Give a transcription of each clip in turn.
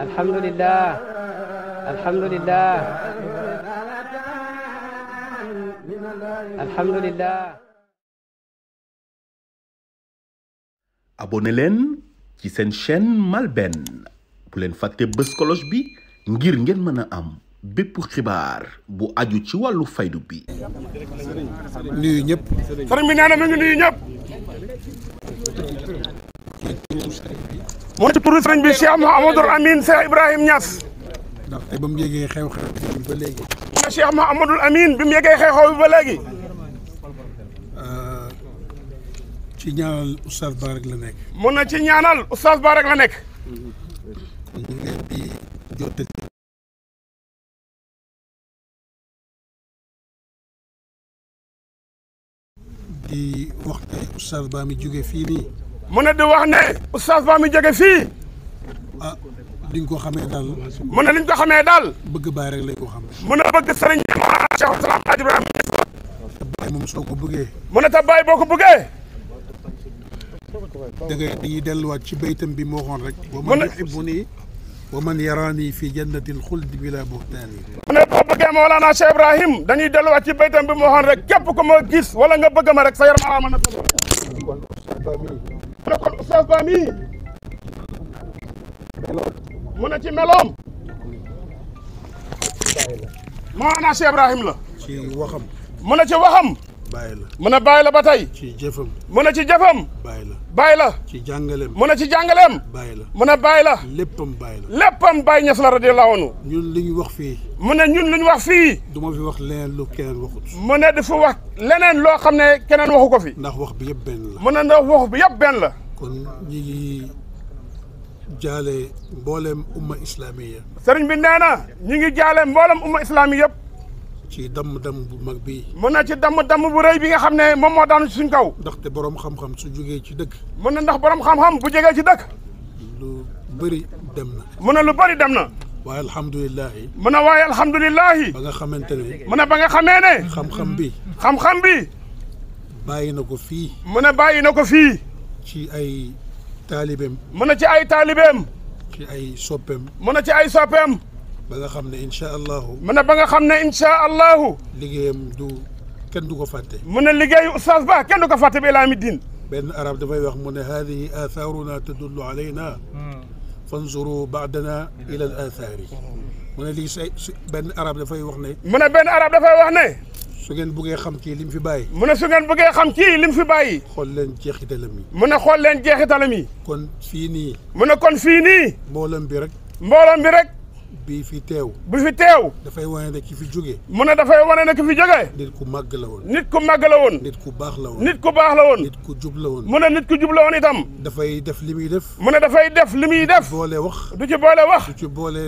alhamdulilah alhamdulilah alhamdulilah. abonné leen ci seen chaîne malben bu leen fàtte bës cloche bi ngir ngeen mën a am bépp xibaar bu aju ci wàllu faydu bi. nuyu ñëpp. mooy ci turu sëriñ bi Cheikh Mouhamadou Amine Cheikh Ibrahim Niass. ndax te ba mu yëgee xew-xew bi ba léegi. mooy Cheikh Mouhamadou Amine bi mu yëgee xew-xew bi ba léegi. Euh, ci ñaanal oustaz Ba rek la nekk. mun na ci ñaanal oustaz Ba rek la nekk. ñu ngi leen di jottali. di wax ne oustaz Ba mi jóge fii nii. mu ne di wax ne oustaz ba mi jóge fii ah li nga ko xamee daal mu ne li ñu ko xamee daal bëgg bàyyi rek lañ ko xam mu ne bëgg sëriñ bi Cheikh soo ko bëggee mu ne te bàyyi boo ko bëggee da ngay dañuy delluwaat ci baytam bi moo waxoon rek wa man yuhibbuni wa man yaraani fi jannatil xuld bila buhtaani mu ne boo bëggee Mawlana Cheikh Ibrahim dañuy delluwaat ci baytam bi mu waxoon rek képp ko ma gis wala nga bëgg ma rek sa yaram aama na Ba mii mu ne kon Oustaz Ba mii mu ne ci meloom moo ana Cheikh Ibrahim la ci waxam mu ne ci waxam bàyyi la mën a bàyyi la ba tey ci jëfam mën a ci jëfam bàyyi la bàyyi la ci jàngaleem mën a ci jàngaleem bàyyi la mën a bàyyi la léppam bàyyi la léppam bàyyi ñes la radiyallahu anhu ñun li wax fii mu ne ñun lu wax fii du ma fi wax leneen lu keneen waxut mu ne dafa wax leneen loo xam ne keneen waxu ko fi ndax wax bi yépp benn la mu ne ndax wax bi yëpp benn la kon ñi ngi jaale mboolem umma islamiya sëriñ bi nee na ñi ngi jaale mboolem umma islamiya yëpp ci damm-damm bu mag bi mun na ci damm-damm bu rëy bi nga xam ne moom moo daanu ci suñ kaw ndaxte borom xam-xam su jógee ci dëkk mun na ndax borom xam-xam bu jógee ci dëkk lu bëri dem na mun na lu bari dam na waaye alhamdulilah. mun na waaye alhamdulilah. ba nga xamante ne mun na ba nga xamee ne xam-xam bi xam-xam bi bàyyi na ko fii mun na bàyyi na ko fi ci ay taalibeem mun na ci ay taalibeem ci ay soppeem mun na ci ay soppeem ba nga xam ne incha allahu. mu ne ba nga xam ne incha allahu. liggéeyam du kenn du ko fàtte. mu ne liggéeyu oustaz ba kenn du ko fàtte ba ilaa mi diin. benn arab dafay wax mu ne haadihi aathaaruna tadullu alayna fanzuru baadana ila al aathaari. mu ne lii say benn arab dafay wax ne. mu ne benn arab dafay wax ne. su ngeen bëggee xam kii lim fi bàyyi. mu ne su ngeen bëggee xam kii lim fi bàyyi. xool leen jeexitalam yi. mu ne xool leen jeexitalam yi. kon fii nii. mu ne kon fii nii. mboolam bi rek. mboolam bi rek. bii fi teew. bi fi teew. dafay wane ne ki fi jógee. mu ne dafay wane ne ki fi jógee. nit ku màgg la woon. nit ku màgg la woon. nit ku baax la woon. nit ku baax la woon. nit ku jub la woon. mu ne nit ku jub la i tam dafay def li muy def. mu ne dafay def li muy def. boole wax. du ci boole wax. du ci boole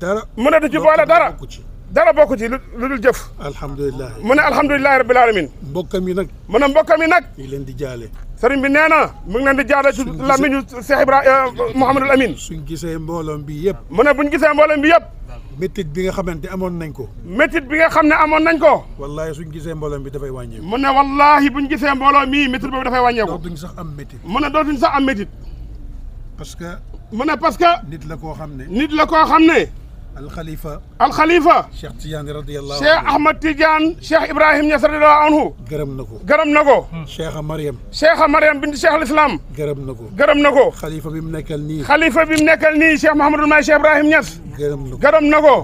dara. mu ne du ci boole dara. ci dara bokku ci lu dul jëf. alhamdulilah mu ne alhamdulilah rabbil alamin. mbokkam yi nag. mu ne mbokkam yi nag. leen di jaale. sëriñ bi nee na mu ngi leen di jaale ci lamiñu Cheikh Ibrahima eh, Mouhamadul Amin. suñ gisee mbooloom bi yëpp. mu ne buñ gisee mbooloom bi yëpp. métit bi nga xamante amoon nañ ko. métit bi nga xam ne amoon nañ ko. wallaahi suñ gisee mbooloom bi dafay wàññeeku. mu ne wallaahi buñ gisee mbooloom mii métit boobu dafay wàññeeku. dootuñ sax am métit. mu ne dootuñ sax am métit. parce que. mu ne parce que. nit la koo xam ne. nit la koo xam ne. alxalifa. alxalifa. Cheikh Tidiane radiyallahu anhu. Cheikh Ahmad Tidiane. Cheikh Ibrahim Niass radiyallahu anhu. gërëm na ko. gërëm na ko. Cheikha Mariam. Cheikha Mariam bint Cheikh al Islam. gërëm na ko. gërëm na ko. xalifa bi mu nekkal nii. xalifa bi mu nekkal nii Cheikh Mouhamadul Mahi Cheikh Ibrahim Niass. gërëm na ko. gërëm na ko.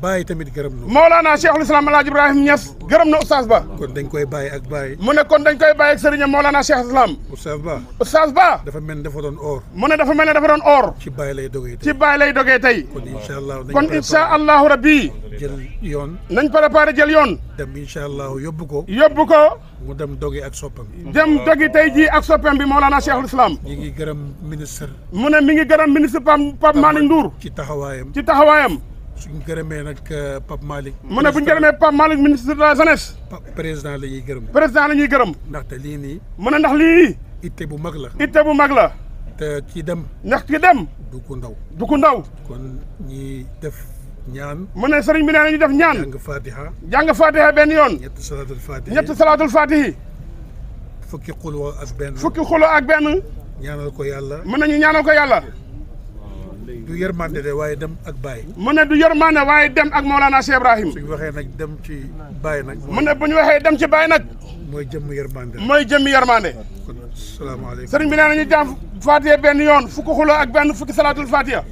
bàyyi tamit gërëm na moo Cheikhul Islam El Hadj Ibrahima Niass gërëm na oustaz ba kon dañ koy bàyyi ak bàyyi mu ne kon dañ koy bàyyi ak sëriñam Mawlana Cheikh Islam oustaz ba oustaz ba dafa mel ne dafa doon or mu ne dafa mel ne dafa doon or ci bàyyi lay dogee tey ci bàyyi tey kon incha allah kon incha allahu rabbi jël yoon nañ préparé jël yoon dem incha allahu yóbbu ko yóbbu ko mu dem dogi ak soppam dem dogi tey jii ak soppam bi Mawlana Cheikhul Islam ñi ngi gërëm ministre mu ne mi ngi gërëm ministre Pape Malick Ndour ci taxawaayam ci taxawaayam su gërëmee nag euh, Pape Malick. mën ne bu ñu gërëmee Pape Malick ministre de la jeunesse. président la ñuy gërëm. président la ñuy gërëm. ndaxte lii nii. mën a ndax lii. itte bu mag la. itte bu mag la. te ci dem. ndax kii dem. du ku ndaw. du ndaw. kon ñi def. ñaan mu ne sëriñ bi nee na ñu def ñaan jàng fatiha jàng fatiha benn yoon ñetti salaatul fatihi ñetti salaatul fukki xuloo ak benn ak benn ñaanal ko yàlla mën nañu ñaanal ko yàlla du yërmande de waaye dem ak Baye. mu ne du yërmande waaye dem ak Mawlana Cheikh Ibrahim. waxee nag dem ci Baye nag. mu ne bu ñu waxee dem ci baay nag. mooy jëmm yërmande. mooy jëmm yërmande. kon salaamaaleykum. sëriñ bi nee nañu jàmm Faatiha benn yoon fukki xuloo ak benn fukki salaatul Faatiha.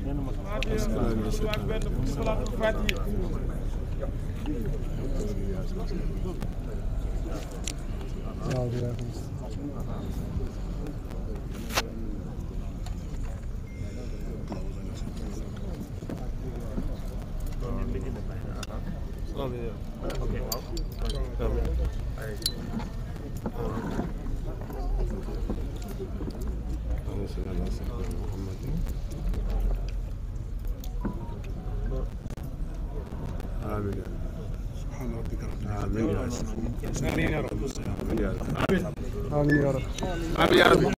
waaw. Amin ya. Okay. Amin. Amin. آمين سبحان ربك رب العالمين آمين يا رب آمين آمين يا رب آمين يا رب